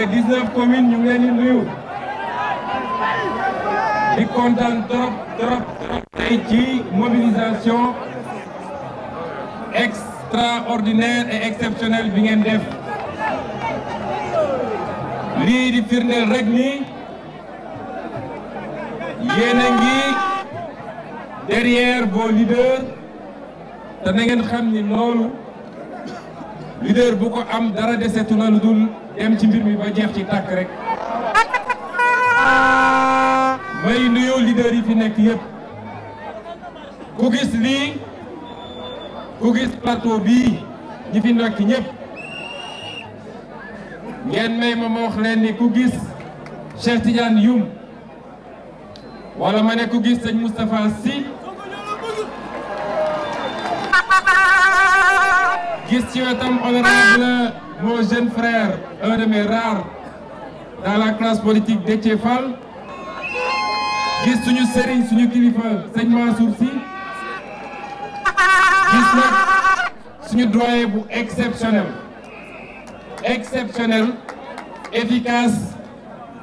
les 19 communes ñu ngi di kontaan trop trop trop tey ci mobilisation extraordinaire et bi ngeen def lii di firndeel rek ni yéen a ngi derrière vos leaders te na ngeen xam ni loolu leader bu ko am dara desetu na lu dem ci mbir mi ba jeex ci tàkk rek may nuyoo leader yi fi nekk yépp ku gis lii ku gis plateau bii ñi fi nekk ñëpp ngeen may ma ma leen ni ku gis Cheikh Tidiane Youm wala ma ne ku gis sëñ Moustapha Sy gis ci wetam honorable mon jeune frère, un de mes rares dans la classe politique Déthié Fall gis suñu sëriñ suñu kilifa sëñ Mansour Sy gis nag suñu doyen bu exceptionnel exceptionnel efficace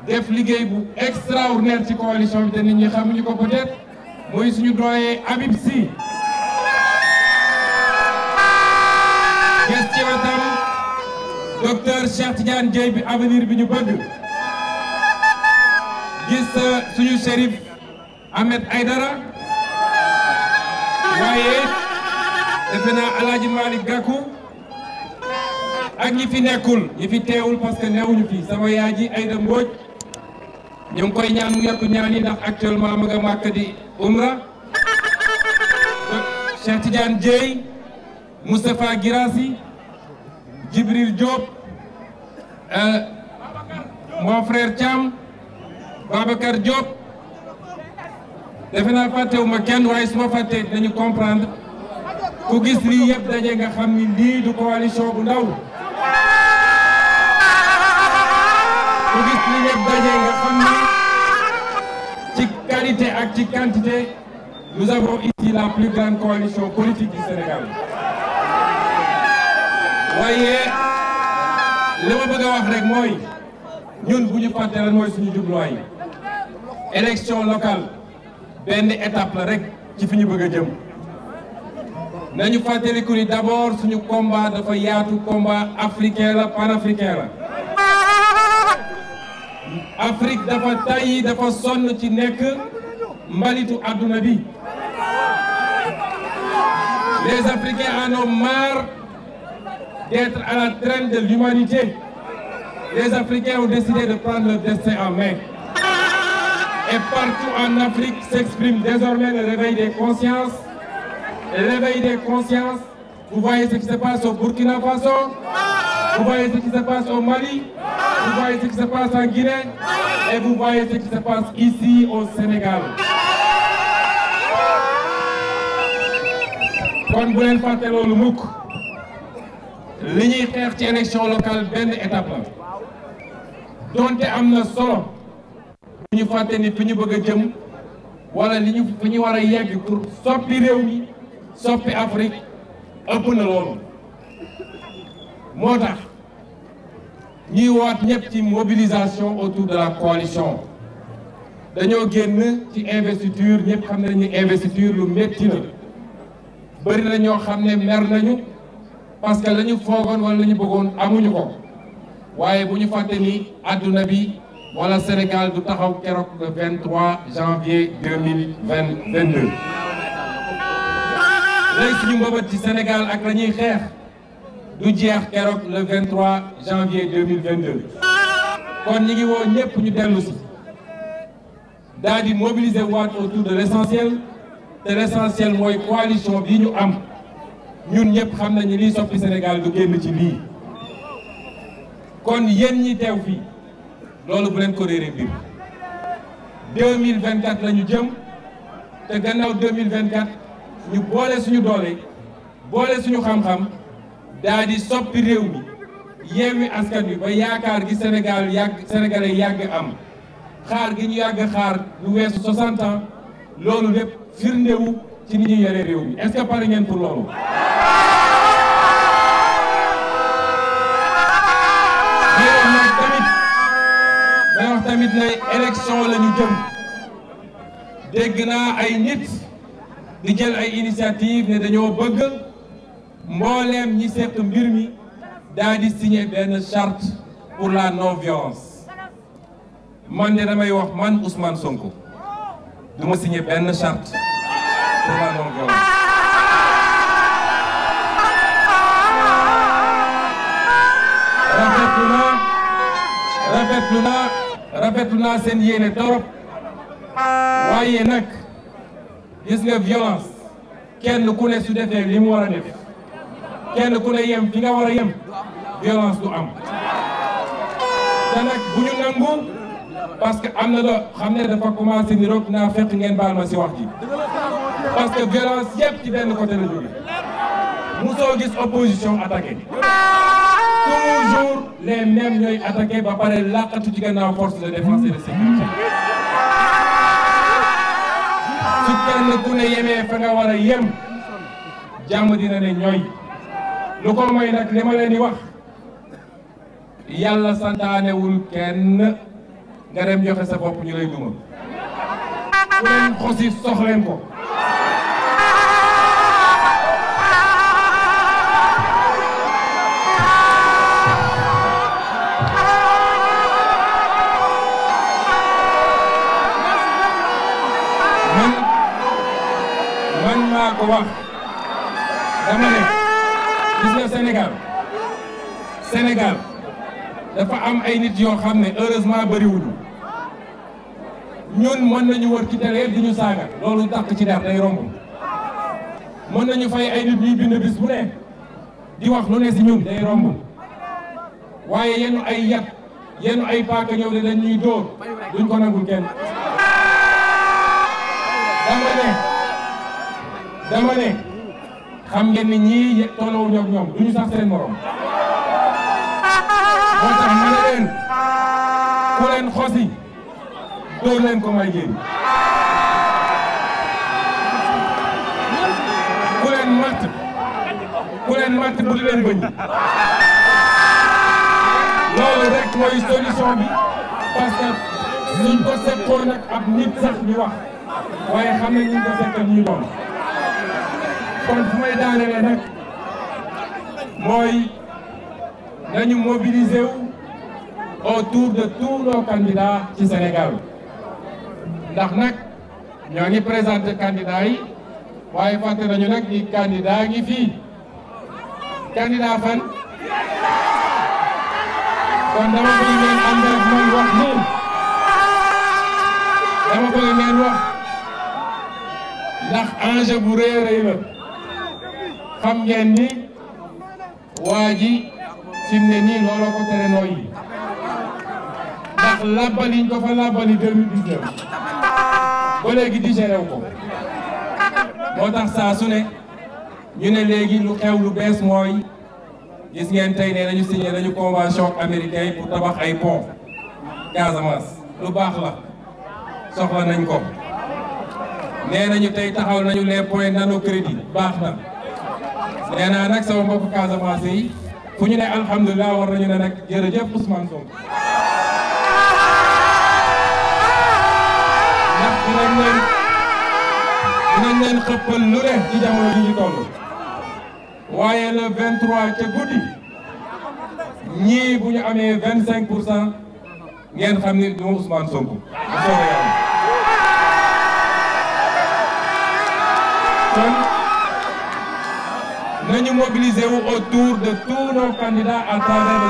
def liggéey bu extraordinaire ci coalition bi te nit ñi xamuñu ko peut-être muy suñu doyen Habib Sy docteur Cheikh Tidiane Dieye bi avenir bi ñu bëgg gis suñu shérif Ahmed Aydara waaye defe naa Alaaji Malick ak ñi fi nekkul ñi fi teewul parce que newuñu fi sama yaay ji Ayda Mbodj ñu koy ñaan mu yokk ñaan ndax actuellement ma nga di umra Cheikh Tidiane Dieye Moustapha Girassi Djibril Diop euh, mon frère Thiam Babacar Diop defe naa fàttewuma kenn waaye su ma fàttee dañu comprendre ku gis lii yëpp daje nga xam ni lii du coalition bu ndaw ku gis lii yëpp daje nga xam ni ci qualité ak ci quantité nous avons ici la plus grande coalition politique du Sénégal waaye li ma bëgg a wax rek mooy ñun bu ñu fàtte lan mooy suñu jubluwaay élection locale benn étape la rek ci fi ñu bëgg a jëm nañu fàttaliku ni d'abord suñu combat dafa yaatu combat africain la panafricain dafa tàyyi dafa sonn ci nekk mbalitu àdduna bi les Africains en ont d'être à la traîne de l'humanité, les Africains ont décidé de prendre leur destin en main. Et partout en Afrique s'exprime désormais le réveil des consciences. Le réveil des consciences, vous voyez ce qui se passe au Burkina Faso, vous voyez ce qui se passe au Mali, vous voyez ce qui se passe en Guinée, et vous voyez ce qui se passe ici au Sénégal. li ñuy xeex ci élection locale benn étape la donte am na solo bu ñu fàtte ni fi ñu bëgg a jëm walla li ñu fi ñu war a yegg pour soppi réew mi soppi Afrique ëpp na loolu moo tax ñuy waat ñëpp ci mobilisation autour de la coalition dañoo génn ci investiture ñëpp xam nañu investiture lu métti la bëri na ñoo xam ne mer nañu parce que la ñu foogoon wala la ñu bëggoon amuñu ko waaye bu ñu fàtte ni àdduna bi walla Sénégal du taxaw keroog le 23 janvier 2022 léegi suñu mbëbët ci Sénégal ak la ñuy xeex du jeex keroog la 23 janvier 2022 kon ñi ngi woo ñëpp ñu dellu si daal di mobiliser waat autour de l' te l' mooy coalition bi ñu am ñun ñëpp xam nañu liy soppi Sénégal du génn ci lii kon yén ñi teew fii loolu bu leen ko réeree mbir 2024 la ñu jëm te gannaaw 2024 ñu boole suñu doole boole suñu xam-xam daa di soppi réew mi yeewi askan bi ba yaakaar gi Sénégal yàgg sénégalais yàgg am xaar gi ñu yàgg xaar lu weesu 60 ans loolu lépp firndewu ci ni ñuy yore réew mi est pare ngeen pour loolu. day wax nag tamit day wax tamit jëm dégg naa ay nit di jël ay initiative ne dañoo bëgg mbooleem ñi seq mbir mi daa di benn charte pour la non man de damay wax man Ousmane Sonko du ma benn charte. We're not going naa rafetlu naa rafetlu naa seen waaye nag gis nga violence kenn ku ne su defee li mu war a kenn ku ne yem fi nga war a yem violence du am te nag bu ñu nangu parce que am na loo xam ne dafa commencé ni roog naa fekk ngeen baal ma wax ji parce que violence ci benn côté la jóge musoo gis opposition attaqué toujours les mêmes ñooy attaqué ba pare làqatu ci gannaaw force de défense et de sécurité su kenn ku ne yemee fa nga war a yem jàmm dina ne ñooy lu ko mooy nag li ma wax yàlla santaanewul kenn nga dem joxe sa bopp ñu lay duma ku leen soxleen ko man maa ko wax dama ne gis nga Sénégal Sénégal dafa am ay nit yoo xam ne heureusement bariwul ñun mën nañu wër ci télé di ñu saaga loolu tax ci dara day romb mën nañu fay ay nit ñuy bind bis bu ne di wax lu ne si ñun day romb waaye yenn ay yat yenn ay paaka ñëw ne dañ ñuy dóor duñ ko nangul kenn dama ne dama ne xam ngeen ni ñii tolluwuñu ak ñoom duñu sax seen morom. moo tax ma ne leen ku leen xosi dóor leen ko may jéem ku leen matt ku leen matt bu leen bëñ loolu rek mooy solution bi parce que ñu ko seqoon ak ab nit sax ñu wax waaye xam ne ñu ko seqal ñu doon kon fu may daanelee nag mooy nañu mobiliser wu autour de tous nos candidats ci Sénégal ndax nag ñoo ngi présenté candidats yi waaye fàtte nañu nag ni candidat ngi fii candidat fan kon dama bëgg ngeen ànd ak wax nii dama bëgg ngeen wax ndax enjeu bu rëy a la xam ngeen ni waa ji fi mu ne nii looloo ko tere nooyi ndax làbbaliñ ko fa làbbali 2019 ba léegi digéré ko moo tax saa su ne ñu ne léegi lu xew lu bees mooy gis ngeen tey ne nañu signé nañu convention américain pour tabax ay pont Casamance lu baax la soxla nañ ko nee nañu tey taxaw nañu les points nano baax na nee naa nag sama mbokk Casamance yi fu ñu ne alhamdulilah war ne nag jërëjëf Ousmane Sonko. ndax dinañ leen dinañ leen xëppal lu ne ci jamono ji ñu toll. waaye le 23 ca guddi ñii bu ñu amee vint cinq cent ngeen xam ni du Ousmane Sonko. kon. nañu mobiliser wu autour de tous nos candidats à travers le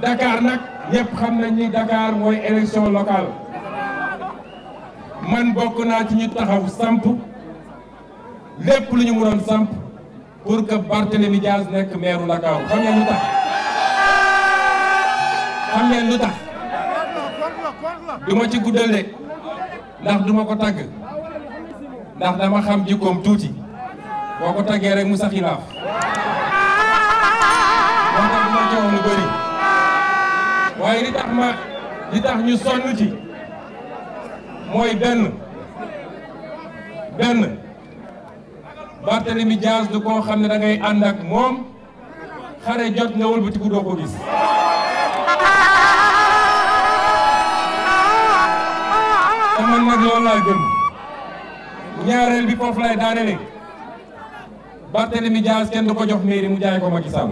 Sénégal nag ñëpp xam nañ ni Dakar mooy élection man bokk naa ci ñu taxaw samp lépp lu ñu mënoon samp pour que Barthélémy Diaz nekk maire u Dakar xam ngeen tax xam ngeen tax du ma ci guddal de ndax duma ko tàgg ndax dama xam jikkoom tuuti boo ko taggee rek mu sax xilaaf moo tax ma coow lu bëri waaye li tax ma li tax ñu sonn ci mooy benn benn Barthélemy Dias du koo xam ne dangay ngay ànd ak moom xare jot nga wëlbatiku doo ko gis te man nag loolu laa gëm ñaareel bi foofu lay daane léegi Barthélemy Dias kenn du ko jox mairie mu jaay ko Macky Sall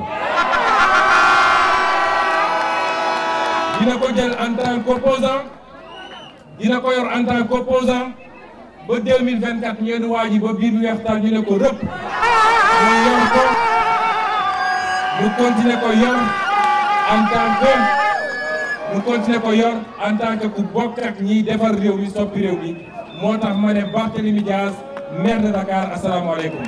dina ko jël en tant dina ko yor en tant qu'opposant ba 2024 ngeen waa ji ba biir bi weextaan ñu ne ko rëpp mu yor ko ko yor en tant que mu ko yor en tant que ku bokk ak defar réew mi soppi mi moo tax ma ne Barthélemy Dias maire de Dakar